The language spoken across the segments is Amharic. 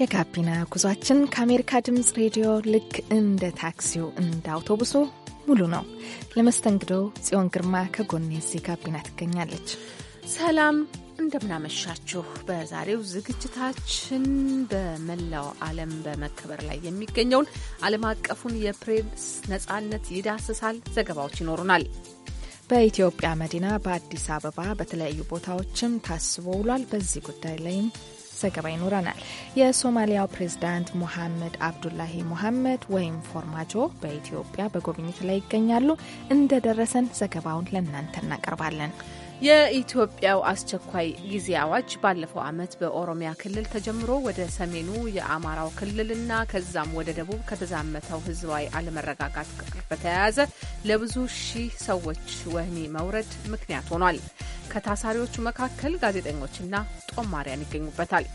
የጋቢና ጉዟችን ከአሜሪካ ድምፅ ሬዲዮ ልክ እንደ ታክሲው እንደ አውቶቡሱ ሙሉ ነው። ለመስተንግዶ ጽዮን ግርማ ከጎኔ እዚህ ጋቢና ትገኛለች። ሰላም እንደምናመሻችሁ። በዛሬው ዝግጅታችን በመላው ዓለም በመከበር ላይ የሚገኘውን ዓለም አቀፉን የፕሬስ ነጻነት ይዳስሳል። ዘገባዎች ይኖሩናል። በኢትዮጵያ መዲና በአዲስ አበባ በተለያዩ ቦታዎችም ታስቦ ውሏል። በዚህ ጉዳይ ላይም ዘገባ ይኖረናል። የሶማሊያው ፕሬዝዳንት ሙሐመድ አብዱላሂ ሙሐመድ ወይም ፎርማጆ በኢትዮጵያ በጉብኝት ላይ ይገኛሉ። እንደደረሰን ዘገባውን ለእናንተ እናቀርባለን። የኢትዮጵያው አስቸኳይ ጊዜ አዋጅ ባለፈው ዓመት በኦሮሚያ ክልል ተጀምሮ ወደ ሰሜኑ የአማራው ክልልና ከዛም ወደ ደቡብ ከተዛመተው ህዝባዊ አለመረጋጋት ጋር በተያያዘ ለብዙ ሺህ ሰዎች ወህኒ መውረድ ምክንያት ሆኗል። ከታሳሪዎቹ መካከል ጋዜጠኞችና ጦማሪያን ይገኙበታል።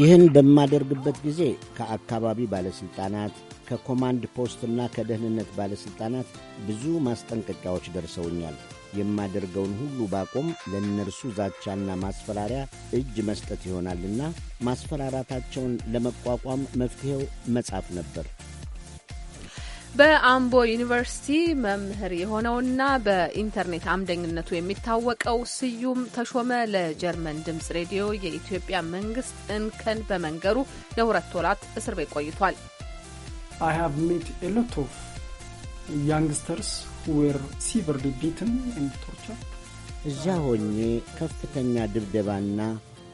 ይህን በማደርግበት ጊዜ ከአካባቢ ባለሥልጣናት፣ ከኮማንድ ፖስትና ከደህንነት ባለሥልጣናት ብዙ ማስጠንቀቂያዎች ደርሰውኛል። የማደርገውን ሁሉ ባቆም ለእነርሱ ዛቻና ማስፈራሪያ እጅ መስጠት ይሆናልና ማስፈራራታቸውን ለመቋቋም መፍትሔው መጻፍ ነበር። በአምቦ ዩኒቨርሲቲ መምህር የሆነውና በኢንተርኔት አምደኝነቱ የሚታወቀው ስዩም ተሾመ ለጀርመን ድምጽ ሬዲዮ የኢትዮጵያ መንግስት እንከን በመንገሩ ለሁለት ወራት እስር ቤት ቆይቷል። I have met a lot of youngsters who were severely beaten and እዚያ ሆኜ ከፍተኛ ድብደባና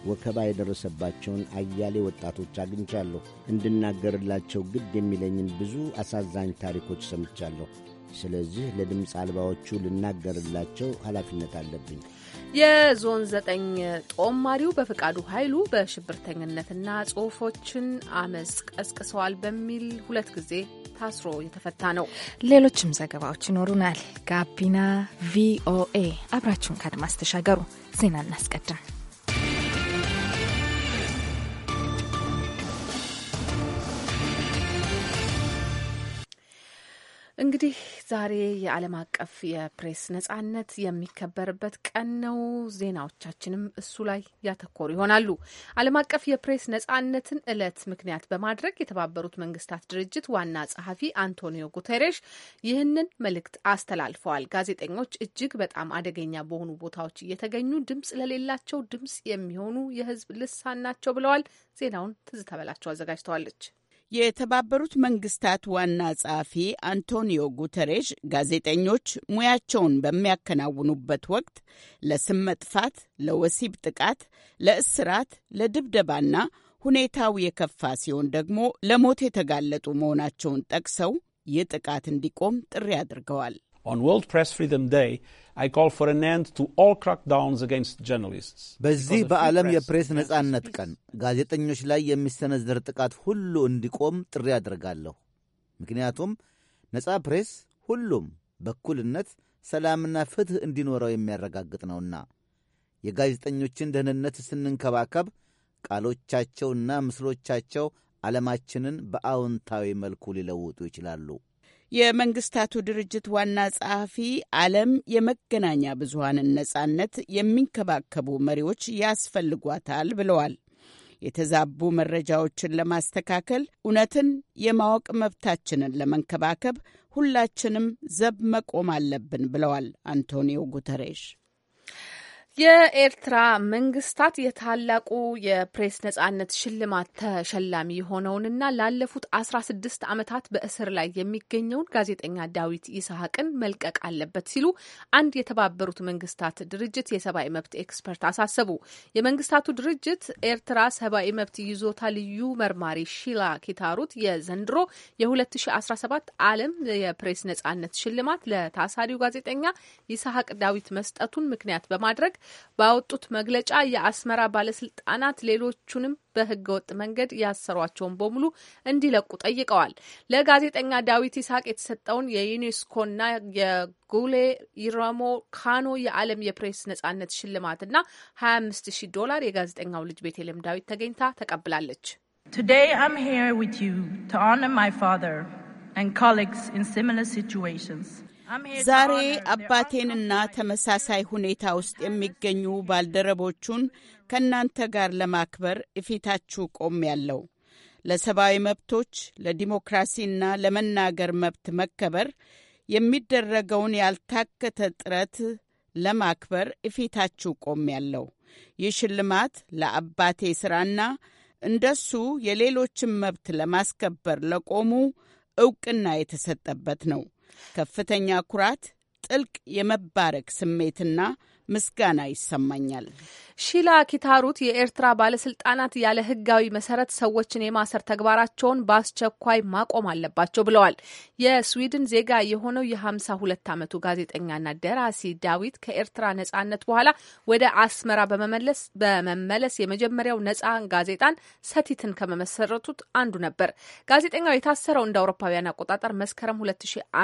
ወከባ የደረሰባቸውን አያሌ ወጣቶች አግኝቻለሁ። እንድናገርላቸው ግድ የሚለኝን ብዙ አሳዛኝ ታሪኮች ሰምቻለሁ። ስለዚህ ለድምፅ አልባዎቹ ልናገርላቸው ኃላፊነት አለብኝ። የዞን ዘጠኝ ጦማሪው በፍቃዱ ኃይሉ በሽብርተኝነትና ጽሁፎችን አመፅ ቀስቅሰዋል በሚል ሁለት ጊዜ ታስሮ የተፈታ ነው። ሌሎችም ዘገባዎች ይኖሩናል። ጋቢና ቪኦኤ አብራችሁን ከአድማስ ተሻገሩ። ዜና እናስቀድም። እንግዲህ ዛሬ የዓለም አቀፍ የፕሬስ ነጻነት የሚከበርበት ቀን ነው። ዜናዎቻችንም እሱ ላይ ያተኮሩ ይሆናሉ። ዓለም አቀፍ የፕሬስ ነጻነትን ዕለት ምክንያት በማድረግ የተባበሩት መንግስታት ድርጅት ዋና ጸሐፊ አንቶኒዮ ጉተሬሽ ይህንን መልእክት አስተላልፈዋል። ጋዜጠኞች እጅግ በጣም አደገኛ በሆኑ ቦታዎች እየተገኙ ድምፅ ለሌላቸው ድምፅ የሚሆኑ የህዝብ ልሳን ናቸው ብለዋል። ዜናውን ትዝታ በላቸው አዘጋጅተዋለች። የተባበሩት መንግስታት ዋና ጸሐፊ አንቶኒዮ ጉተሬሽ ጋዜጠኞች ሙያቸውን በሚያከናውኑበት ወቅት ለስም መጥፋት፣ ለወሲብ ጥቃት፣ ለእስራት፣ ለድብደባና ሁኔታው የከፋ ሲሆን ደግሞ ለሞት የተጋለጡ መሆናቸውን ጠቅሰው ይህ ጥቃት እንዲቆም ጥሪ አድርገዋል። On World በዚህ በዓለም የፕሬስ ነጻነት ቀን ጋዜጠኞች ላይ የሚሰነዘር ጥቃት ሁሉ እንዲቆም ጥሪ አደርጋለሁ። ምክንያቱም ነጻ ፕሬስ ሁሉም በኩልነት ሰላምና ፍትሕ እንዲኖረው የሚያረጋግጥ ነውና የጋዜጠኞችን ደህንነት ስንንከባከብ ቃሎቻቸውና ምስሎቻቸው ዓለማችንን በአዎንታዊ መልኩ ሊለውጡ ይችላሉ። የመንግስታቱ ድርጅት ዋና ጸሐፊ ዓለም የመገናኛ ብዙሀንን ነጻነት የሚንከባከቡ መሪዎች ያስፈልጓታል ብለዋል። የተዛቡ መረጃዎችን ለማስተካከል፣ እውነትን የማወቅ መብታችንን ለመንከባከብ ሁላችንም ዘብ መቆም አለብን ብለዋል አንቶኒዮ ጉተሬሽ። የኤርትራ መንግስታት የታላቁ የፕሬስ ነጻነት ሽልማት ተሸላሚ የሆነውንና ላለፉት አስራ ስድስት ዓመታት በእስር ላይ የሚገኘውን ጋዜጠኛ ዳዊት ይስሐቅን መልቀቅ አለበት ሲሉ አንድ የተባበሩት መንግስታት ድርጅት የሰብአዊ መብት ኤክስፐርት አሳሰቡ። የመንግስታቱ ድርጅት ኤርትራ ሰብአዊ መብት ይዞታ ልዩ መርማሪ ሺላ ኪታሩት የዘንድሮ የ2017 ዓለም የፕሬስ ነጻነት ሽልማት ለታሳሪው ጋዜጠኛ ይስሐቅ ዳዊት መስጠቱን ምክንያት በማድረግ ባወጡት መግለጫ የአስመራ ባለስልጣናት ሌሎቹንም በህገወጥ መንገድ ያሰሯቸውን በሙሉ እንዲለቁ ጠይቀዋል። ለጋዜጠኛ ዳዊት ይስሐቅ የተሰጠውን የዩኔስኮና የጉሌ ኢራሞ ካኖ የዓለም የፕሬስ ነጻነት ሽልማትና 25 ሺህ ዶላር የጋዜጠኛው ልጅ ቤተልሔም ዳዊት ተገኝታ ተቀብላለች። Today I'm here with you to honor my father and colleagues in similar situations. ዛሬ አባቴንና ተመሳሳይ ሁኔታ ውስጥ የሚገኙ ባልደረቦቹን ከእናንተ ጋር ለማክበር እፊታችሁ ቆም ያለው ለሰብአዊ መብቶች ለዲሞክራሲና ለመናገር መብት መከበር የሚደረገውን ያልታከተ ጥረት ለማክበር እፊታችሁ ቆም ያለው ይህ ሽልማት ለአባቴ ሥራና እንደሱ የሌሎችን መብት ለማስከበር ለቆሙ ዕውቅና የተሰጠበት ነው። ከፍተኛ ኩራት፣ ጥልቅ የመባረክ ስሜትና ምስጋና ይሰማኛል። ሺላ ኪታሩት የኤርትራ ባለስልጣናት ያለ ህጋዊ መሰረት ሰዎችን የማሰር ተግባራቸውን በአስቸኳይ ማቆም አለባቸው ብለዋል። የስዊድን ዜጋ የሆነው የሀምሳ ሁለት ዓመቱ ጋዜጠኛና ደራሲ ዳዊት ከኤርትራ ነጻነት በኋላ ወደ አስመራ በመመለስ በመመለስ የመጀመሪያው ነጻ ጋዜጣን ሰቲትን ከመመሰረቱት አንዱ ነበር። ጋዜጠኛው የታሰረው እንደ አውሮፓውያን አቆጣጠር መስከረም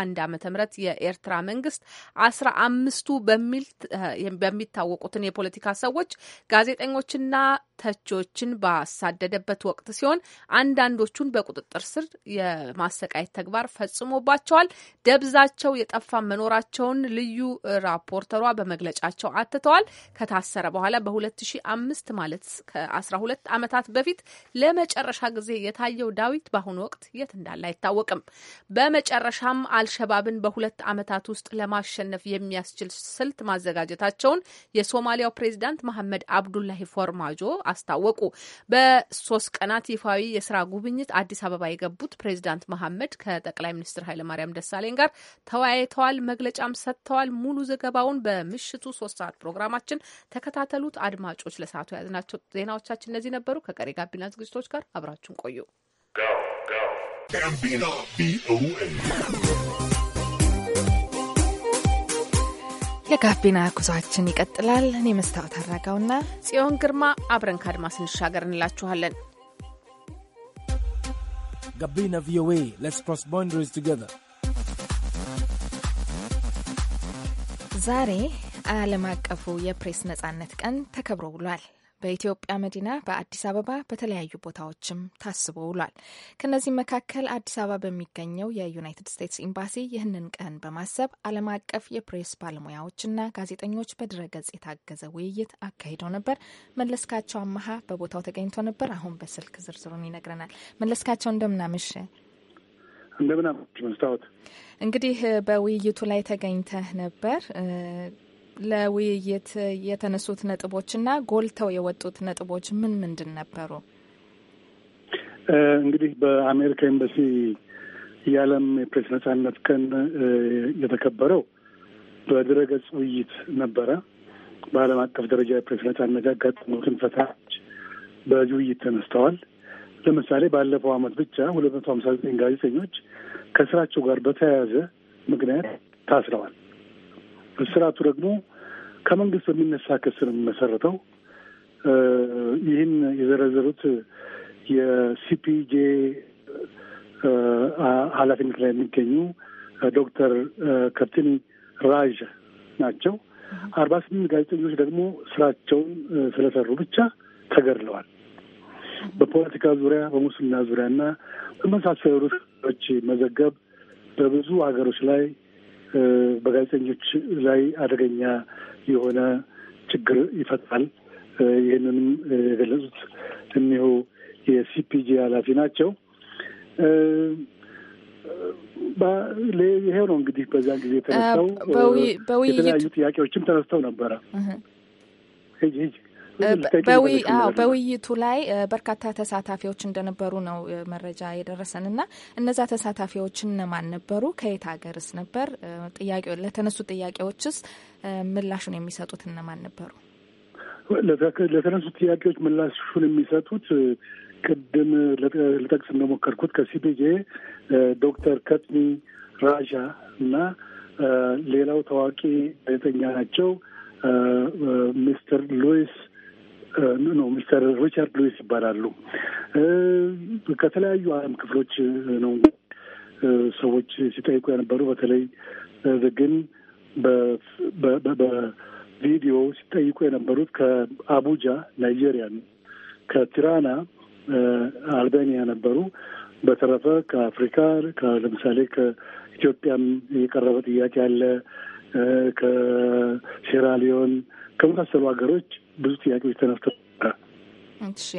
አንድ አመተ ም የኤርትራ መንግስት አስራ አምስቱ በሚል የሚታወቁትን የፖለቲካ ሰዎች ጋዜጠኞችና ተቾችን ባሳደደበት ወቅት ሲሆን አንዳንዶቹን በቁጥጥር ስር የማሰቃየት ተግባር ፈጽሞባቸዋል። ደብዛቸው የጠፋ መኖራቸውን ልዩ ራፖርተሯ በመግለጫቸው አትተዋል። ከታሰረ በኋላ በ2005 ማለት ከ12 ዓመታት በፊት ለመጨረሻ ጊዜ የታየው ዳዊት በአሁኑ ወቅት የት እንዳለ አይታወቅም። በመጨረሻም አልሸባብን በሁለት ዓመታት ውስጥ ለማሸነፍ የሚያስችል ስልት ማዘጋጀታቸውን የሶማሊያው ፕሬዚዳንት መሐመድ መሐመድ አብዱላሂ ፎርማጆ አስታወቁ። በሶስት ቀናት ይፋዊ የስራ ጉብኝት አዲስ አበባ የገቡት ፕሬዚዳንት መሐመድ ከጠቅላይ ሚኒስትር ኃይለማርያም ደሳለኝ ጋር ተወያይተዋል፣ መግለጫም ሰጥተዋል። ሙሉ ዘገባውን በምሽቱ ሶስት ሰዓት ፕሮግራማችን ተከታተሉት። አድማጮች ለሰዓቱ የያዝናቸው ዜናዎቻችን እነዚህ ነበሩ። ከቀሪ ጋቢና ዝግጅቶች ጋር አብራችሁን ቆዩ። የጋቢና ጉዟችን ይቀጥላል። እኔ መስታወት አድራጋውና ጽዮን ግርማ አብረን ከአድማስ እንሻገር እንላችኋለን። ጋቢና ቪኦኤ ሌትስ ክሮስ ቦንደሪስ ቱጌዘር። ዛሬ ዓለም አቀፉ የፕሬስ ነጻነት ቀን ተከብሮ ውሏል። በኢትዮጵያ መዲና በአዲስ አበባ በተለያዩ ቦታዎችም ታስቦ ውሏል። ከእነዚህም መካከል አዲስ አበባ በሚገኘው የዩናይትድ ስቴትስ ኤምባሲ ይህንን ቀን በማሰብ ዓለም አቀፍ የፕሬስ ባለሙያዎችና ጋዜጠኞች በድረገጽ የታገዘ ውይይት አካሂደው ነበር። መለስካቸው አመሃ በቦታው ተገኝቶ ነበር። አሁን በስልክ ዝርዝሩን ይነግረናል። መለስካቸው እንደምናመሸ እንደምን መስታወት፣ እንግዲህ በውይይቱ ላይ ተገኝተህ ነበር። ለውይይት የተነሱት ነጥቦች እና ጎልተው የወጡት ነጥቦች ምን ምንድን ነበሩ? እንግዲህ በአሜሪካ ኤምባሲ የዓለም የፕሬስ ነጻነት ቀን የተከበረው በድረገጽ ውይይት ነበረ። በዓለም አቀፍ ደረጃ የፕሬስ ነጻነት ያጋጠሙትን ፈተናዎች በዚህ ውይይት ተነስተዋል። ለምሳሌ ባለፈው ዓመት ብቻ ሁለት መቶ ሀምሳ ዘጠኝ ጋዜጠኞች ከስራቸው ጋር በተያያዘ ምክንያት ታስረዋል። ስርዓቱ ደግሞ ከመንግስት በሚነሳ ክስ ነው የሚመሰረተው። ይህን የዘረዘሩት የሲፒጄ ኃላፊነት ላይ የሚገኙ ዶክተር ከርቲኒ ራዥ ናቸው። አርባ ስምንት ጋዜጠኞች ደግሞ ስራቸውን ስለሰሩ ብቻ ተገድለዋል። በፖለቲካ ዙሪያ፣ በሙስና ዙሪያ እና በመሳሰሉ መዘገብ በብዙ ሀገሮች ላይ በጋዜጠኞች ላይ አደገኛ የሆነ ችግር ይፈጥራል። ይህንንም የገለጹት እኒሁ የሲፒጂ ኃላፊ ናቸው። ይሄው ነው እንግዲህ በዛን ጊዜ የተነሳው። የተለያዩ ጥያቄዎችም ተነስተው ነበረ። በውይይቱ ላይ በርካታ ተሳታፊዎች እንደነበሩ ነው መረጃ የደረሰን እና እነዛ ተሳታፊዎች እነማን ነበሩ? ከየት ሀገርስ ነበር? ለተነሱ ጥያቄዎችስ ምላሹን የሚሰጡት እነማን ነበሩ? ለተነሱ ጥያቄዎች ምላሹን የሚሰጡት ቅድም ልጠቅስ እንደሞከርኩት ከሲፒጄ ዶክተር ከትኒ ራዣ እና ሌላው ታዋቂ ጋዜጠኛ ናቸው ሚስተር ሉዊስ ነው ሚስተር ሪቻርድ ሉዊስ ይባላሉ። ከተለያዩ ዓለም ክፍሎች ነው ሰዎች ሲጠይቁ የነበሩ በተለይ ግን በቪዲዮ ሲጠይቁ የነበሩት ከአቡጃ ናይጄሪያ፣ ከቲራና አልቤኒያ ነበሩ። በተረፈ ከአፍሪካ ለምሳሌ ከኢትዮጵያም የቀረበ ጥያቄ አለ። ከሴራሊዮን ከመሳሰሉ ሀገሮች ብዙ ጥያቄዎች ተነስተው እሺ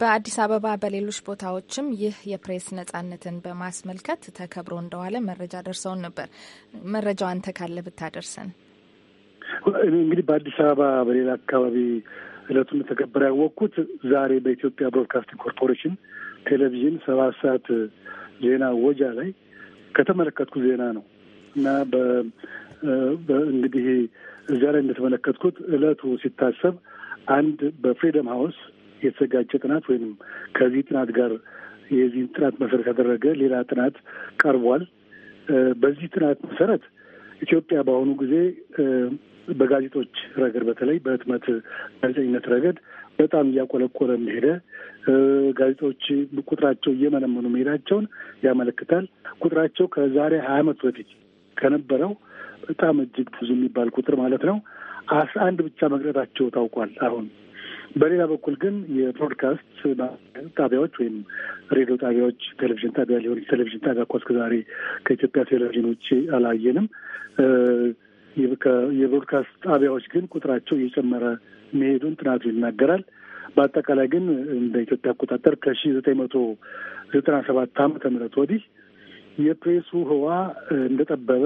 በአዲስ አበባ በሌሎች ቦታዎችም ይህ የፕሬስ ነጻነትን በማስመልከት ተከብሮ እንደዋለ መረጃ ደርሰውን ነበር። መረጃው አንተ ካለ ብታደርሰን። እንግዲህ በአዲስ አበባ በሌላ አካባቢ እለቱን ተከበረ ያወቅኩት ዛሬ በኢትዮጵያ ብሮድካስቲንግ ኮርፖሬሽን ቴሌቪዥን ሰባት ሰዓት ዜና ወጃ ላይ ከተመለከትኩት ዜና ነው እና እንግዲህ እዚያ ላይ እንደተመለከትኩት እለቱ ሲታሰብ አንድ በፍሪደም ሀውስ የተዘጋጀ ጥናት ወይም ከዚህ ጥናት ጋር የዚህን ጥናት መሰረት ያደረገ ሌላ ጥናት ቀርቧል። በዚህ ጥናት መሰረት ኢትዮጵያ በአሁኑ ጊዜ በጋዜጦች ረገድ በተለይ በህትመት ጋዜጠኝነት ረገድ በጣም እያቆለቆለ መሄደ። ጋዜጦች ቁጥራቸው እየመነመኑ መሄዳቸውን ያመለክታል። ቁጥራቸው ከዛሬ ሀያ አመት በፊት ከነበረው በጣም እጅግ ብዙ የሚባል ቁጥር ማለት ነው አስራ አንድ ብቻ መቅረታቸው ታውቋል። አሁን በሌላ በኩል ግን የብሮድካስት ጣቢያዎች ወይም ሬዲዮ ጣቢያዎች፣ ቴሌቪዥን ጣቢያ ሊሆን ቴሌቪዥን ጣቢያ እኮ እስከ ዛሬ ከኢትዮጵያ ቴሌቪዥን ውጭ አላየንም። የብሮድካስት ጣቢያዎች ግን ቁጥራቸው እየጨመረ መሄዱን ጥናቱ ይናገራል። በአጠቃላይ ግን እንደ ኢትዮጵያ አቆጣጠር ከሺ ዘጠኝ መቶ ዘጠና ሰባት ዓመተ ምህረት ወዲህ የፕሬሱ ህዋ እንደጠበበ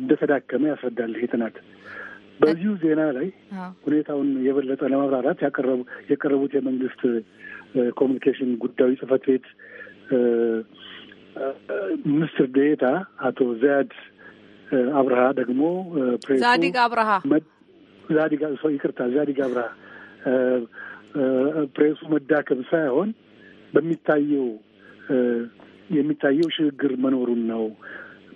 እንደተዳከመ ያስረዳል ይሄ ጥናት። በዚሁ ዜና ላይ ሁኔታውን የበለጠ ለማብራራት ያቀረቡ የቀረቡት የመንግስት ኮሚኒኬሽን ጉዳዮች ጽህፈት ቤት ሚኒስትር ዴኤታ አቶ ዘያድ አብርሃ ደግሞ ዛዲግ አብርሃ ዛዲግ ሰው ይቅርታ፣ ዛዲግ አብራ ፕሬሱ መዳከም ሳይሆን በሚታየው የሚታየው ሽግግር መኖሩን ነው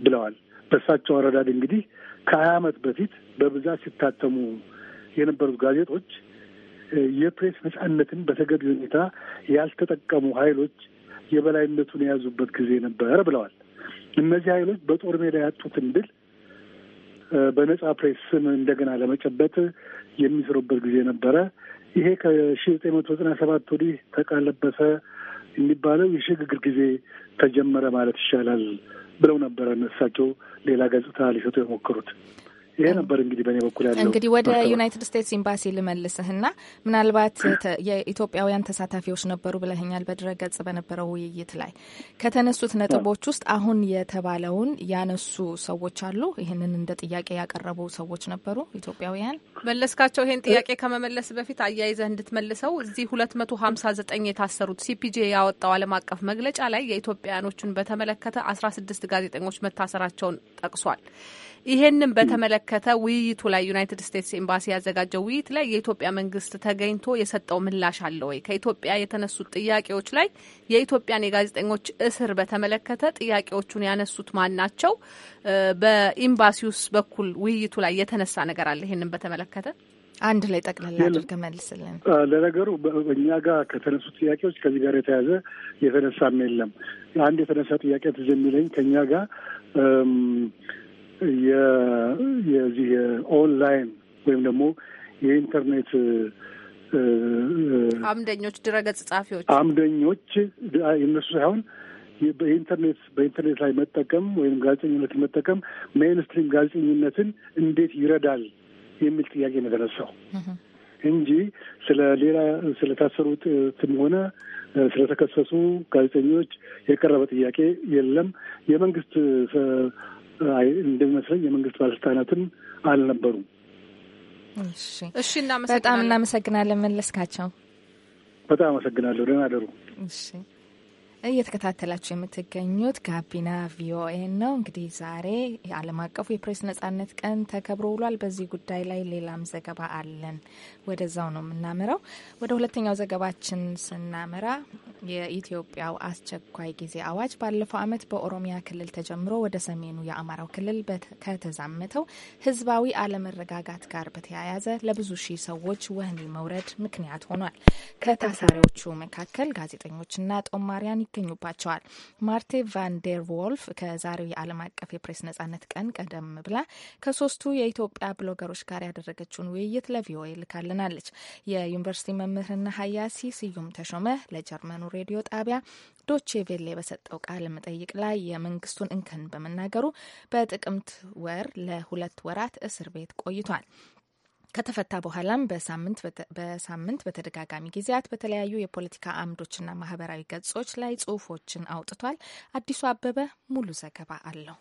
ብለዋል። በእሳቸው አረዳድ እንግዲህ ከሀያ ዓመት በፊት በብዛት ሲታተሙ የነበሩት ጋዜጦች የፕሬስ ነጻነትን በተገቢ ሁኔታ ያልተጠቀሙ ኃይሎች የበላይነቱን የያዙበት ጊዜ ነበረ ብለዋል። እነዚህ ኃይሎች በጦር ሜዳ ያጡትን ድል በነጻ ፕሬስ ስም እንደገና ለመጨበጥ የሚሰሩበት ጊዜ ነበረ። ይሄ ከሺ ዘጠኝ መቶ ዘጠና ሰባት ወዲህ ተቃለበሰ የሚባለው የሽግግር ጊዜ ተጀመረ ማለት ይሻላል ብለው ነበረ እሳቸው ሌላ ገጽታ ሊሰጡ የሞከሩት። ይሄ ነበር እንግዲህ በእኔ በኩል ያለው። እንግዲህ ወደ ዩናይትድ ስቴትስ ኤምባሲ ልመልስህና ምናልባት የኢትዮጵያውያን ተሳታፊዎች ነበሩ ብለህኛል። በድረ ገጽ በነበረው ውይይት ላይ ከተነሱት ነጥቦች ውስጥ አሁን የተባለውን ያነሱ ሰዎች አሉ። ይህንን እንደ ጥያቄ ያቀረቡ ሰዎች ነበሩ ኢትዮጵያውያን። መለስካቸው፣ ይህን ጥያቄ ከመመለስ በፊት አያይዘህ እንድትመልሰው እዚህ ሁለት መቶ ሀምሳ ዘጠኝ የታሰሩት ሲፒጄ ያወጣው ዓለም አቀፍ መግለጫ ላይ የኢትዮጵያውያኖቹን በተመለከተ አስራ ስድስት ጋዜጠኞች መታሰራቸውን ጠቅሷል። ይሄንን በተመለከተ ውይይቱ ላይ ዩናይትድ ስቴትስ ኤምባሲ ያዘጋጀው ውይይት ላይ የኢትዮጵያ መንግስት ተገኝቶ የሰጠው ምላሽ አለ ወይ? ከኢትዮጵያ የተነሱት ጥያቄዎች ላይ የኢትዮጵያን የጋዜጠኞች እስር በተመለከተ ጥያቄዎቹን ያነሱት ማን ናቸው? በኤምባሲውስ በኩል ውይይቱ ላይ የተነሳ ነገር አለ? ይሄንን በተመለከተ አንድ ላይ ጠቅላላ አድርገ መልስልን። ለነገሩ እኛ ጋር ከተነሱት ጥያቄዎች ከዚህ ጋር የተያዘ የተነሳም የለም። አንድ የተነሳ ጥያቄ ትዝ የሚለኝ ከእኛ ጋር የዚህ የኦንላይን ወይም ደግሞ የኢንተርኔት አምደኞች ድረገጽ ጻፊዎች አምደኞች የነሱ ሳይሆን በኢንተርኔት በኢንተርኔት ላይ መጠቀም ወይም ጋዜጠኝነትን መጠቀም ሜንስትሪም ጋዜጠኝነትን እንዴት ይረዳል የሚል ጥያቄ ነው የተነሳው እንጂ ስለ ሌላ ስለታሰሩትም ሆነ ስለተከሰሱ ጋዜጠኞች የቀረበ ጥያቄ የለም። የመንግስት እንደሚመስለኝ የመንግስት ባለስልጣናትም አልነበሩም። እሺ፣ በጣም እናመሰግናለን መለስካቸው። በጣም አመሰግናለሁ። ደህና አደሩ። እሺ። እየተከታተላችሁ የምትገኙት ጋቢና ቪኦኤ ነው። እንግዲህ ዛሬ የዓለም አቀፉ የፕሬስ ነጻነት ቀን ተከብሮ ውሏል። በዚህ ጉዳይ ላይ ሌላም ዘገባ አለን። ወደዛው ነው የምናምረው። ወደ ሁለተኛው ዘገባችን ስናመራ የኢትዮጵያው አስቸኳይ ጊዜ አዋጅ ባለፈው ዓመት በኦሮሚያ ክልል ተጀምሮ ወደ ሰሜኑ የአማራው ክልል ከተዛመተው ህዝባዊ አለመረጋጋት ጋር በተያያዘ ለብዙ ሺህ ሰዎች ወህኒ መውረድ ምክንያት ሆኗል። ከታሳሪዎቹ መካከል ጋዜጠኞችና ጦማሪያን ይገኙባቸዋል። ማርቴ ቫን ዎልፍ ከዛሬው የዓለም አቀፍ የፕሬስ ነጻነት ቀን ቀደም ብላ ከሶስቱ የኢትዮጵያ ብሎገሮች ጋር ያደረገችውን ውይይት ለቪኦኤ ልካልናለች። የዩኒቨርሲቲ መምህርና ሀያሲ ስዩም ተሾመ ለጀርመኑ ሬዲዮ ጣቢያ ዶቼ ቬሌ በሰጠው ቃለ መጠይቅ ላይ የመንግስቱን እንከን በመናገሩ በጥቅምት ወር ለሁለት ወራት እስር ቤት ቆይቷል። ከተፈታ በኋላም በሳምንት በተደጋጋሚ ጊዜያት በተለያዩ የፖለቲካ አምዶችና ማህበራዊ ገጾች ላይ ጽሁፎችን አውጥቷል። አዲሱ አበበ ሙሉ ዘገባ አለው።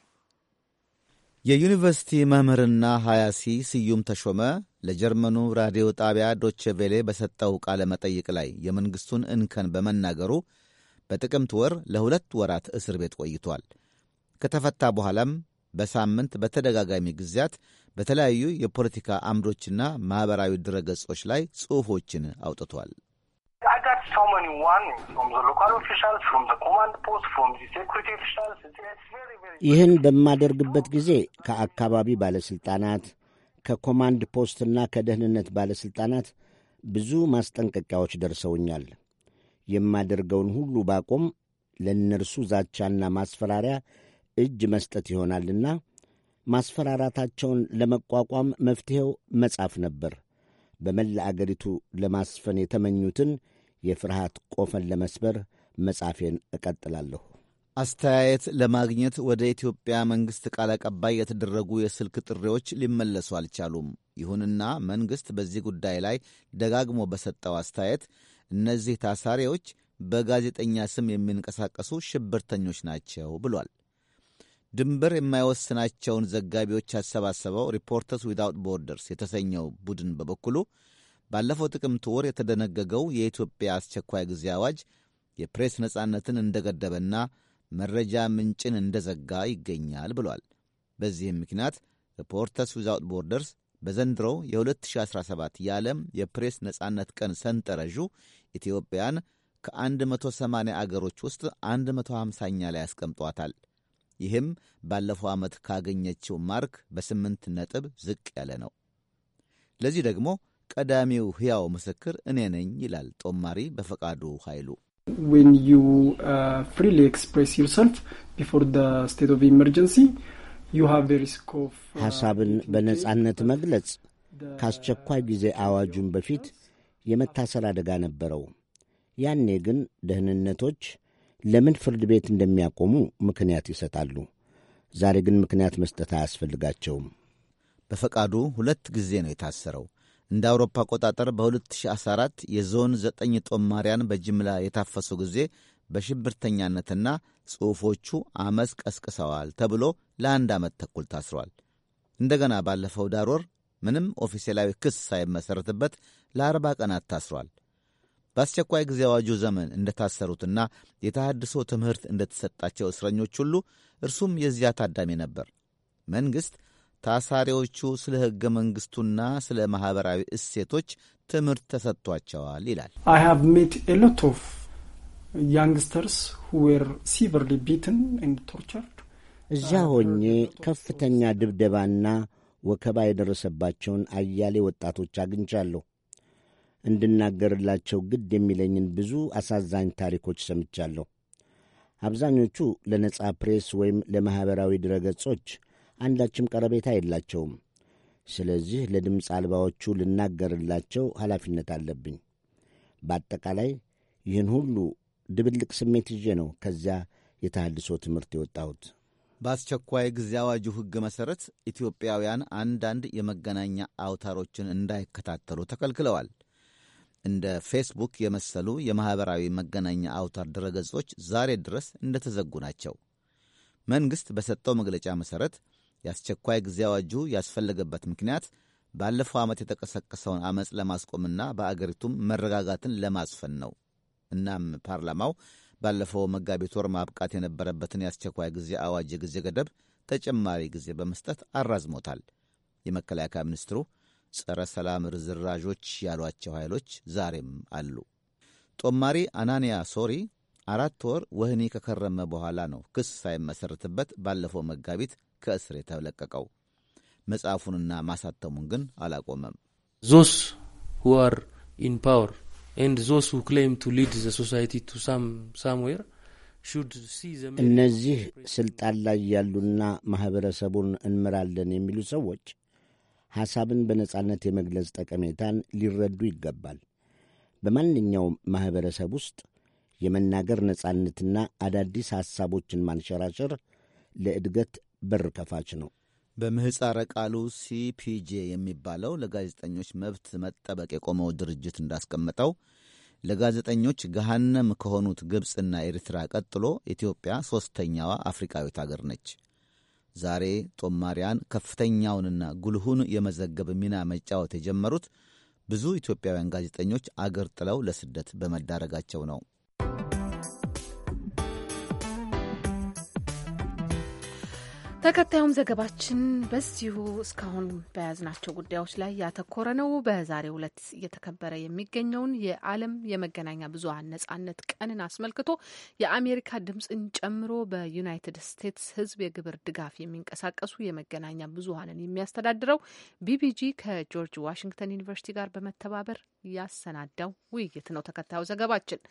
የዩኒቨርሲቲ መምህርና ሀያሲ ስዩም ተሾመ ለጀርመኑ ራዲዮ ጣቢያ ዶቼ ቬሌ በሰጠው ቃለ መጠይቅ ላይ የመንግሥቱን እንከን በመናገሩ በጥቅምት ወር ለሁለት ወራት እስር ቤት ቆይቷል። ከተፈታ በኋላም በሳምንት በተደጋጋሚ ጊዜያት በተለያዩ የፖለቲካ አምዶችና ማኅበራዊ ድረገጾች ላይ ጽሑፎችን አውጥቷል። ይህን በማደርግበት ጊዜ ከአካባቢ ባለሥልጣናት፣ ከኮማንድ ፖስትና ከደህንነት ባለሥልጣናት ብዙ ማስጠንቀቂያዎች ደርሰውኛል። የማደርገውን ሁሉ ባቆም ለእነርሱ ዛቻና ማስፈራሪያ እጅ መስጠት ይሆናልና ማስፈራራታቸውን ለመቋቋም መፍትሔው መጻፍ ነበር። በመላ አገሪቱ ለማስፈን የተመኙትን የፍርሃት ቆፈን ለመስበር መጻፌን እቀጥላለሁ። አስተያየት ለማግኘት ወደ ኢትዮጵያ መንግሥት ቃል አቀባይ የተደረጉ የስልክ ጥሪዎች ሊመለሱ አልቻሉም። ይሁንና መንግሥት በዚህ ጉዳይ ላይ ደጋግሞ በሰጠው አስተያየት እነዚህ ታሳሪዎች በጋዜጠኛ ስም የሚንቀሳቀሱ ሽብርተኞች ናቸው ብሏል። ድንበር የማይወስናቸውን ዘጋቢዎች ያሰባሰበው ሪፖርተርስ ዊዛውት ቦርደርስ የተሰኘው ቡድን በበኩሉ ባለፈው ጥቅምት ወር የተደነገገው የኢትዮጵያ አስቸኳይ ጊዜ አዋጅ የፕሬስ ነጻነትን እንደገደበና መረጃ ምንጭን እንደዘጋ ይገኛል ብሏል። በዚህም ምክንያት ሪፖርተርስ ዊዛውት ቦርደርስ በዘንድሮው የ2017 የዓለም የፕሬስ ነጻነት ቀን ሰንጠረዡ ኢትዮጵያን ከ180 አገሮች ውስጥ 150ኛ ላይ ያስቀምጧታል። ይህም ባለፈው ዓመት ካገኘችው ማርክ በስምንት ነጥብ ዝቅ ያለ ነው። ለዚህ ደግሞ ቀዳሚው ሕያው ምስክር እኔ ነኝ ይላል ጦማሪ በፈቃዱ ኃይሉ። ዌን ዩ ፍሪሊ ኤክስፕሬስ ዩርሰልፍ ቢፎር ስቴት ኦፍ ኢመርጀንሲ ሐሳብን በነጻነት መግለጽ ከአስቸኳይ ጊዜ አዋጁን በፊት የመታሰር አደጋ ነበረው። ያኔ ግን ደህንነቶች ለምን ፍርድ ቤት እንደሚያቆሙ ምክንያት ይሰጣሉ። ዛሬ ግን ምክንያት መስጠት አያስፈልጋቸውም። በፈቃዱ ሁለት ጊዜ ነው የታሰረው። እንደ አውሮፓ አቆጣጠር በ2014 የዞን ዘጠኝ ጦማሪያን በጅምላ የታፈሱ ጊዜ በሽብርተኛነትና ጽሑፎቹ አመስ ቀስቅሰዋል ተብሎ ለአንድ ዓመት ተኩል ታስሯል። እንደገና ባለፈው ዳር ወር ምንም ኦፊሴላዊ ክስ ሳይመሠረትበት ለአርባ ቀናት ታስሯል። በአስቸኳይ ጊዜ አዋጁ ዘመን እንደታሰሩትና የተሃድሶ ትምህርት እንደተሰጣቸው እስረኞች ሁሉ እርሱም የዚያ ታዳሚ ነበር። መንግሥት ታሳሪዎቹ ስለ ሕገ መንግሥቱና ስለ ማኅበራዊ እሴቶች ትምህርት ተሰጥቷቸዋል ይላል። ያንግስተርስ ሲቨርሊ ቢትን ኤንድ ቶርቸርድ እዚያ ሆኜ ከፍተኛ ድብደባና ወከባ የደረሰባቸውን አያሌ ወጣቶች አግኝቻለሁ። እንድናገርላቸው ግድ የሚለኝን ብዙ አሳዛኝ ታሪኮች ሰምቻለሁ። አብዛኞቹ ለነጻ ፕሬስ ወይም ለማኅበራዊ ድረገጾች አንዳችም ቀረቤታ የላቸውም። ስለዚህ ለድምፅ አልባዎቹ ልናገርላቸው ኃላፊነት አለብኝ። በአጠቃላይ ይህን ሁሉ ድብልቅ ስሜት ይዤ ነው ከዚያ የተሃድሶ ትምህርት የወጣሁት። በአስቸኳይ ጊዜ አዋጁ ሕግ መሠረት ኢትዮጵያውያን አንዳንድ የመገናኛ አውታሮችን እንዳይከታተሉ ተከልክለዋል። እንደ ፌስቡክ የመሰሉ የማኅበራዊ መገናኛ አውታር ድረገጾች ዛሬ ድረስ እንደተዘጉ ናቸው። መንግሥት በሰጠው መግለጫ መሠረት የአስቸኳይ ጊዜ አዋጁ ያስፈለገበት ምክንያት ባለፈው ዓመት የተቀሰቀሰውን ዐመፅ ለማስቆምና በአገሪቱም መረጋጋትን ለማስፈን ነው። እናም ፓርላማው ባለፈው መጋቢት ወር ማብቃት የነበረበትን የአስቸኳይ ጊዜ አዋጅ የጊዜ ገደብ ተጨማሪ ጊዜ በመስጠት አራዝሞታል። የመከላከያ ሚኒስትሩ ጸረ ሰላም ርዝራዦች ያሏቸው ኃይሎች ዛሬም አሉ። ጦማሪ አናንያ ሶሪ አራት ወር ወህኒ ከከረመ በኋላ ነው ክስ ሳይመሰርትበት ባለፈው መጋቢት ከእስር የተለቀቀው። መጽሐፉንና ማሳተሙን ግን አላቆመም። ዞስ ሁአር ኢን ፓወር ኤንድ ዞስ ሁ ክሌም ቱ ሊድ ዘ ሶሳይቲ ቱ ሳምዌር እነዚህ ስልጣን ላይ ያሉና ማህበረሰቡን እንምራለን የሚሉ ሰዎች ሐሳብን በነጻነት የመግለጽ ጠቀሜታን ሊረዱ ይገባል። በማንኛውም ማኅበረሰብ ውስጥ የመናገር ነጻነትና አዳዲስ ሐሳቦችን ማንሸራሸር ለእድገት በር ከፋች ነው። በምህፃረ ቃሉ ሲፒጄ የሚባለው ለጋዜጠኞች መብት መጠበቅ የቆመው ድርጅት እንዳስቀመጠው ለጋዜጠኞች ገሃነም ከሆኑት ግብፅና ኤርትራ ቀጥሎ ኢትዮጵያ ሦስተኛዋ አፍሪካዊት አገር ነች። ዛሬ ጦማሪያን ከፍተኛውንና ጉልሁን የመዘገብ ሚና መጫወት የጀመሩት ብዙ ኢትዮጵያውያን ጋዜጠኞች አገር ጥለው ለስደት በመዳረጋቸው ነው። ተከታዩም ዘገባችን በዚሁ እስካሁን በያዝናቸው ጉዳዮች ላይ ያተኮረ ነው። በዛሬው ዕለት እየተከበረ የሚገኘውን የዓለም የመገናኛ ብዙሀን ነጻነት ቀንን አስመልክቶ የአሜሪካ ድምፅን ጨምሮ በዩናይትድ ስቴትስ ሕዝብ የግብር ድጋፍ የሚንቀሳቀሱ የመገናኛ ብዙሀንን የሚያስተዳድረው ቢቢጂ ከጆርጅ ዋሽንግተን ዩኒቨርሲቲ ጋር በመተባበር ያሰናዳው ውይይት ነው። ተከታዩ ዘገባችን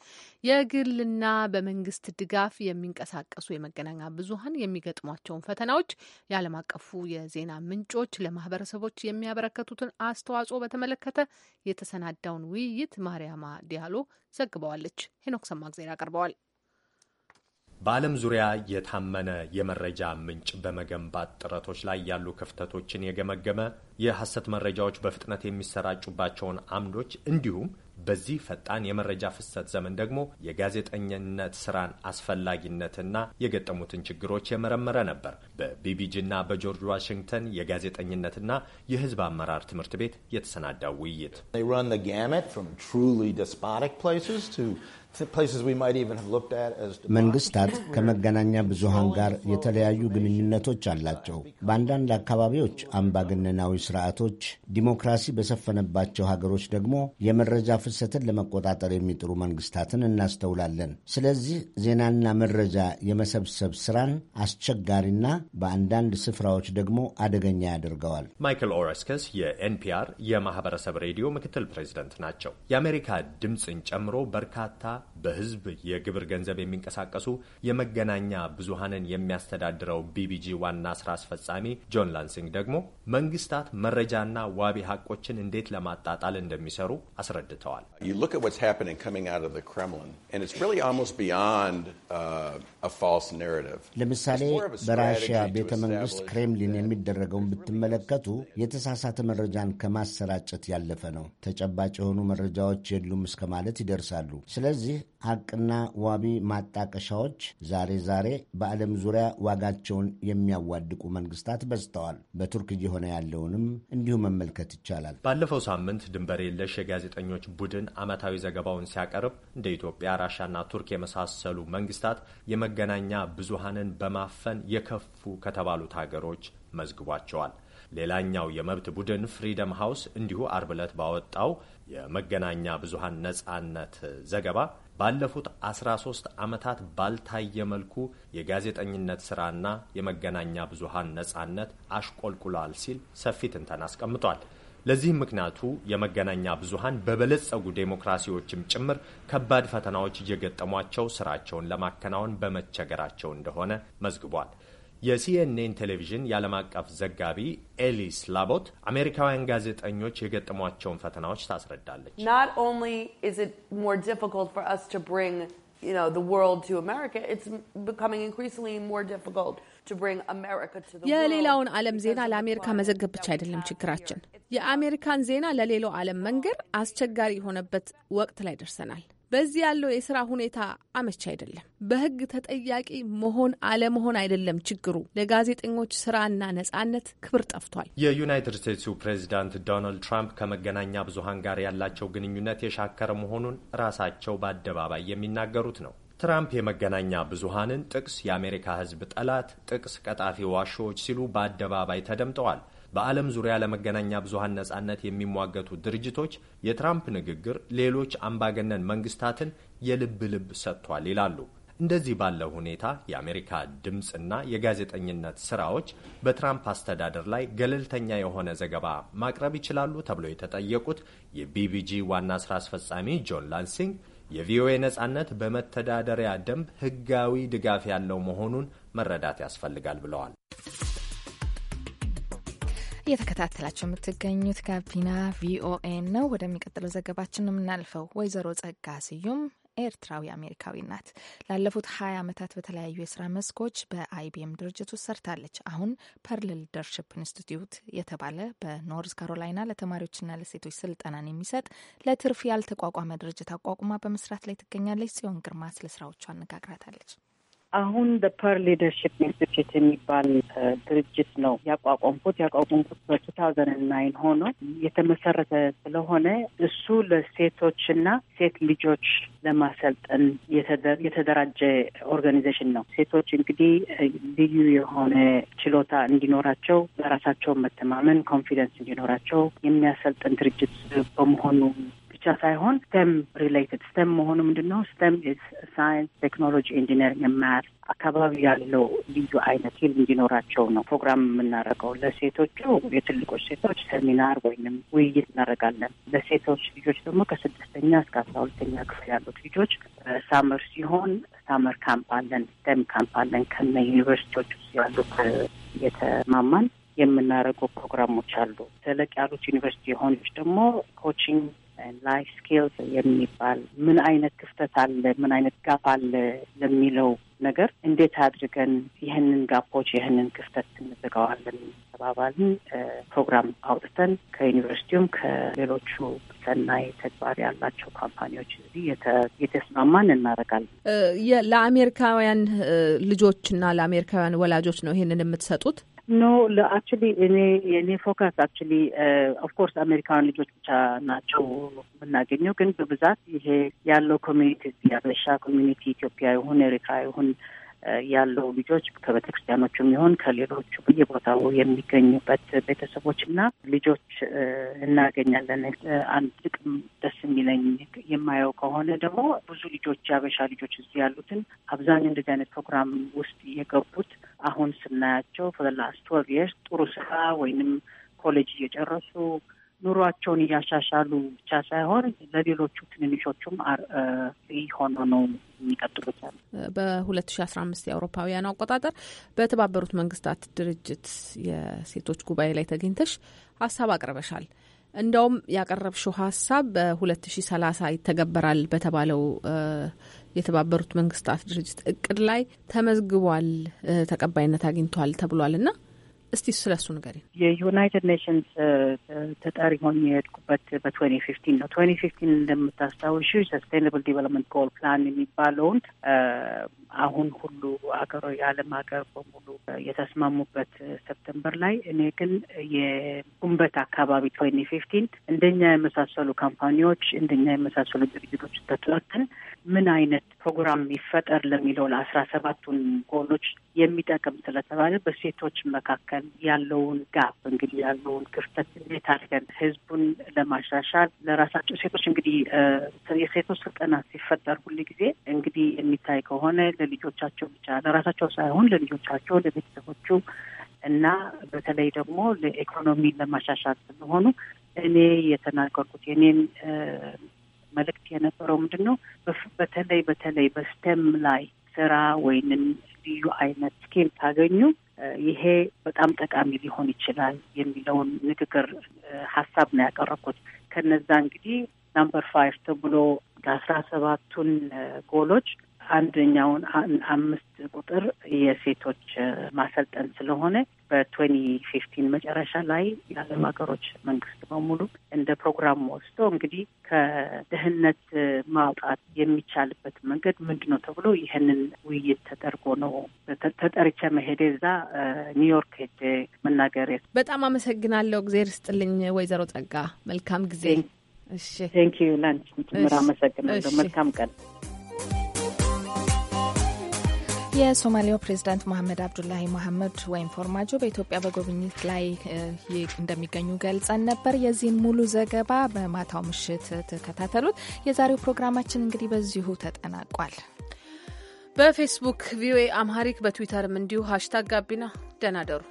የግልና በመንግስት ድጋፍ የሚንቀሳቀሱ የመገናኛ ብዙሀን የሚገጥሟቸውን ፈተናዎች ድርጅቶች የዓለም አቀፉ የዜና ምንጮች ለማህበረሰቦች የሚያበረከቱትን አስተዋጽኦ በተመለከተ የተሰናዳውን ውይይት ማርያማ ዲያሎ ዘግበዋለች። ሄኖክ ሰማግዜር ያቀርበዋል። በዓለም ዙሪያ የታመነ የመረጃ ምንጭ በመገንባት ጥረቶች ላይ ያሉ ክፍተቶችን የገመገመ የሐሰት መረጃዎች በፍጥነት የሚሰራጩባቸውን አምዶች እንዲሁም በዚህ ፈጣን የመረጃ ፍሰት ዘመን ደግሞ የጋዜጠኝነት ስራን አስፈላጊነትና የገጠሙትን ችግሮች የመረመረ ነበር። በቢቢጂና በጆርጅ ዋሽንግተን የጋዜጠኝነትና የሕዝብ አመራር ትምህርት ቤት የተሰናዳው ውይይት መንግስታት ከመገናኛ ብዙሃን ጋር የተለያዩ ግንኙነቶች አላቸው። በአንዳንድ አካባቢዎች አምባገነናዊ ስርዓቶች፣ ዲሞክራሲ በሰፈነባቸው ሀገሮች ደግሞ የመረጃ ፍሰትን ለመቆጣጠር የሚጥሩ መንግስታትን እናስተውላለን። ስለዚህ ዜናና መረጃ የመሰብሰብ ስራን አስቸጋሪና በአንዳንድ ስፍራዎች ደግሞ አደገኛ ያደርገዋል። ማይክል ኦረስከስ የኤንፒአር የማህበረሰብ ሬዲዮ ምክትል ፕሬዚደንት ናቸው። የአሜሪካ ድምፅን ጨምሮ በርካታ በህዝብ የግብር ገንዘብ የሚንቀሳቀሱ የመገናኛ ብዙሃንን የሚያስተዳድረው ቢቢጂ ዋና ስራ አስፈጻሚ ጆን ላንሲንግ ደግሞ መንግስታት መረጃና ዋቢ ሀቆችን እንዴት ለማጣጣል እንደሚሰሩ አስረድተዋል። uh, ለምሳሌ በራሽያ ቤተ መንግስት ክሬምሊን የሚደረገውን ብትመለከቱ የተሳሳተ መረጃን ከማሰራጨት ያለፈ ነው። ተጨባጭ የሆኑ መረጃዎች የሉም እስከ ማለት ይደርሳሉ። ስለዚህ እነዚህ ሐቅና ዋቢ ማጣቀሻዎች ዛሬ ዛሬ በዓለም ዙሪያ ዋጋቸውን የሚያዋድቁ መንግስታት በዝተዋል። በቱርክ እየሆነ ያለውንም እንዲሁ መመልከት ይቻላል። ባለፈው ሳምንት ድንበር የለሽ የጋዜጠኞች ቡድን ዓመታዊ ዘገባውን ሲያቀርብ እንደ ኢትዮጵያ፣ ራሻና ቱርክ የመሳሰሉ መንግስታት የመገናኛ ብዙሃንን በማፈን የከፉ ከተባሉት ሀገሮች መዝግቧቸዋል። ሌላኛው የመብት ቡድን ፍሪደም ሃውስ እንዲሁ አርብ ዕለት ባወጣው የመገናኛ ብዙሃን ነጻነት ዘገባ ባለፉት 13 ዓመታት ባልታየ መልኩ የጋዜጠኝነት ስራና የመገናኛ ብዙሃን ነጻነት አሽቆልቁሏል ሲል ሰፊ ትንተን አስቀምጧል። ለዚህም ምክንያቱ የመገናኛ ብዙሃን በበለጸጉ ዴሞክራሲዎችም ጭምር ከባድ ፈተናዎች እየገጠሟቸው ስራቸውን ለማከናወን በመቸገራቸው እንደሆነ መዝግቧል። የሲኤንኤን ቴሌቪዥን የዓለም አቀፍ ዘጋቢ ኤሊስ ላቦት አሜሪካውያን ጋዜጠኞች የገጠሟቸውን ፈተናዎች ታስረዳለች። የሌላውን ዓለም ዜና ለአሜሪካ መዘገብ ብቻ አይደለም ችግራችን። የአሜሪካን ዜና ለሌላው ዓለም መንገር አስቸጋሪ የሆነበት ወቅት ላይ ደርሰናል። በዚህ ያለው የስራ ሁኔታ አመች አይደለም። በህግ ተጠያቂ መሆን አለመሆን አይደለም ችግሩ። ለጋዜጠኞች ስራና ነጻነት ክብር ጠፍቷል። የዩናይትድ ስቴትሱ ፕሬዚዳንት ዶናልድ ትራምፕ ከመገናኛ ብዙሀን ጋር ያላቸው ግንኙነት የሻከረ መሆኑን ራሳቸው በአደባባይ የሚናገሩት ነው። ትራምፕ የመገናኛ ብዙሀንን ጥቅስ የአሜሪካ ህዝብ ጠላት፣ ጥቅስ ቀጣፊ ዋሾዎች ሲሉ በአደባባይ ተደምጠዋል። በዓለም ዙሪያ ለመገናኛ ብዙሀን ነጻነት የሚሟገቱ ድርጅቶች የትራምፕ ንግግር ሌሎች አምባገነን መንግስታትን የልብ ልብ ሰጥቷል ይላሉ። እንደዚህ ባለው ሁኔታ የአሜሪካ ድምፅና የጋዜጠኝነት ስራዎች በትራምፕ አስተዳደር ላይ ገለልተኛ የሆነ ዘገባ ማቅረብ ይችላሉ ተብለው የተጠየቁት የቢቢጂ ዋና ስራ አስፈጻሚ ጆን ላንሲንግ የቪኦኤ ነጻነት በመተዳደሪያ ደንብ ህጋዊ ድጋፍ ያለው መሆኑን መረዳት ያስፈልጋል ብለዋል። እየተከታተላቸው የምትገኙት ጋቢና ቪኦኤ ነው። ወደሚቀጥለው ዘገባችን የምናልፈው ወይዘሮ ጸጋ ስዩም ኤርትራዊ አሜሪካዊ ናት። ላለፉት ሀያ ዓመታት በተለያዩ የስራ መስኮች በአይቢኤም ድርጅት ውስጥ ሰርታለች። አሁን ፐርል ሊደርሽፕ ኢንስቲትዩት የተባለ በኖርዝ ካሮላይና ለተማሪዎችና ለሴቶች ስልጠናን የሚሰጥ ለትርፍ ያልተቋቋመ ድርጅት አቋቁማ በመስራት ላይ ትገኛለች። ጽዮን ግርማ ስለ ስራዎቿ አነጋግራታለች። አሁን ፐር ሊደርሽፕ ኢንስቲትዩት የሚባል uh, ድርጅት ነው ያቋቋምኩት። ያቋቋምኩት በቱ ታውዘንድ ናይን ሆኖ የተመሰረተ ስለሆነ እሱ ለሴቶችና ሴት ልጆች ለማሰልጠን የተደራጀ ኦርጋኒዜሽን ነው። ሴቶች እንግዲህ uh, ልዩ የሆነ ችሎታ እንዲኖራቸው፣ በራሳቸው መተማመን ኮንፊደንስ እንዲኖራቸው የሚያሰልጥን ድርጅት በመሆኑ ብቻ ሳይሆን ስተም ሪሌትድ ስተም መሆኑ ምንድን ነው? ስተም ሳይንስ፣ ቴክኖሎጂ፣ ኢንጂነሪንግ የማያት አካባቢ ያለው ልዩ አይነት ፊልም እንዲኖራቸው ነው ፕሮግራም የምናደርገው። ለሴቶቹ የትልቆች ሴቶች ሰሚናር ወይንም ውይይት እናደርጋለን። ለሴቶች ልጆች ደግሞ ከስድስተኛ እስከ አስራ ሁለተኛ ክፍል ያሉት ልጆች ሳመር ሲሆን ሳመር ካምፕ አለን፣ ስተም ካምፕ አለን ከነ ዩኒቨርሲቲዎች ውስጥ ያሉት የተማማን የምናደርገው ፕሮግራሞች አሉ። ተለቅ ያሉት ዩኒቨርሲቲ የሆኖች ደግሞ ኮችንግ ላይፍ ስኪልስ የሚባል ምን አይነት ክፍተት አለ፣ ምን አይነት ጋፕ አለ ለሚለው ነገር እንዴት አድርገን ይህንን ጋፖች ይህንን ክፍተት እንዘጋዋለን ተባባልን። ፕሮግራም አውጥተን ከዩኒቨርሲቲውም ከሌሎቹ ሰናይ ተግባር ያላቸው ካምፓኒዎች እዚህ የተስማማን እናደርጋለን። ለአሜሪካውያን ልጆችና ለአሜሪካውያን ወላጆች ነው ይህንን የምትሰጡት? ኖ ለአክቹሊ እኔ የእኔ ፎከስ አክቹሊ ኦፍኮርስ አሜሪካን ልጆች ብቻ ናቸው የምናገኘው፣ ግን በብዛት ይሄ ያለው ኮሚኒቲ የአበሻ ኮሚኒቲ ኢትዮጵያ ይሁን ኤሪካ ይሁን ያለው ልጆች ከቤተክርስቲያኖቹም ይሁን ከሌሎቹ በየቦታው የሚገኙበት ቤተሰቦች እና ልጆች እናገኛለን። አንድ ጥቅም ደስ የሚለኝ የማየው ከሆነ ደግሞ ብዙ ልጆች የአበሻ ልጆች እዚህ ያሉትን አብዛኛው እንደዚህ አይነት ፕሮግራም ውስጥ የገቡት አሁን ስናያቸው ፎዘላስት ትወልቭ የርስ ጥሩ ስራ ወይንም ኮሌጅ እየጨረሱ ኑሯቸውን እያሻሻሉ ብቻ ሳይሆን ለሌሎቹ ትንንሾቹም ሆኖ ነው የሚቀጥሉት። በሁለት ሺ አስራ አምስት የአውሮፓውያኑ አቆጣጠር በተባበሩት መንግስታት ድርጅት የሴቶች ጉባኤ ላይ ተገኝተሽ ሀሳብ አቅርበሻል። እንደውም ያቀረብሽው ሀሳብ በ2030 ይተገበራል በተባለው የተባበሩት መንግስታት ድርጅት እቅድ ላይ ተመዝግቧል፣ ተቀባይነት አግኝቷል ተብሏል እና እስቲ ስለሱ ንገሪኝ። የዩናይትድ ኔሽንስ ተጠሪ ሆኜ የሄድኩበት በትዌንቲ ፊፍቲን ነው። ትዌንቲ ፊፍቲን እንደምታስታውሹ ሰስቴናብል ዲቨሎፕመንት ጎል ፕላን የሚባለውን አሁን ሁሉ አገሮ የዓለም ሀገር በሙሉ የተስማሙበት ሰፕተምበር ላይ እኔ ግን የጉንበት አካባቢ ትዌንቲ ፊፍቲን እንደኛ የመሳሰሉ ካምፓኒዎች እንደኛ የመሳሰሉ ድርጅቶች ተትላክን ምን አይነት ፕሮግራም ይፈጠር ለሚለው ለአስራ ሰባቱን ጎሎች የሚጠቅም ስለተባለ በሴቶች መካከል አድርገን ያለውን ጋፕ እንግዲህ ያለውን ክፍተት እንዴት አድርገን ህዝቡን ለማሻሻል ለራሳቸው ሴቶች እንግዲህ የሴቶች ስልጠና ሲፈጠር ሁል ጊዜ እንግዲህ የሚታይ ከሆነ ለልጆቻቸው ብቻ ለራሳቸው ሳይሆን ለልጆቻቸው፣ ለቤተሰቦቹ እና በተለይ ደግሞ ለኢኮኖሚን ለማሻሻል ስለሆኑ እኔ የተናገርኩት የኔን መልእክት የነበረው ምንድን ነው በተለይ በተለይ በስተም ላይ ስራ ወይንም ልዩ አይነት ስኪል ታገኙ ይሄ በጣም ጠቃሚ ሊሆን ይችላል የሚለውን ንግግር ሀሳብ ነው ያቀረብኩት። ከነዛ እንግዲህ ናምበር ፋይቭ ተብሎ ከአስራ ሰባቱን ጎሎች አንደኛውን አምስት ቁጥር የሴቶች ማሰልጠን ስለሆነ በትዌንቲ ፊፍቲን መጨረሻ ላይ የዓለም ሀገሮች መንግስት በሙሉ እንደ ፕሮግራም ወስዶ እንግዲህ ከድህነት ማውጣት የሚቻልበት መንገድ ምንድን ነው ተብሎ ይህንን ውይይት ተደርጎ ነው ተጠርቼ መሄዴ እዛ ኒውዮርክ ሄጄ መናገር። በጣም አመሰግናለሁ። እግዜር ስጥልኝ ወይዘሮ ጸጋ መልካም ጊዜ። እሺ ቴንክ ዩ አመሰግናለሁ። መልካም ቀን የሶማሊያው ፕሬዚዳንት መሐመድ አብዱላሂ መሐመድ ወይም ፎርማጆ በኢትዮጵያ በጉብኝት ላይ እንደሚገኙ ገልጸን ነበር። የዚህን ሙሉ ዘገባ በማታው ምሽት ተከታተሉት። የዛሬው ፕሮግራማችን እንግዲህ በዚሁ ተጠናቋል። በፌስቡክ ቪኦኤ አምሃሪክ፣ በትዊተርም እንዲሁ ሀሽታግ ጋቢና ደናደሩ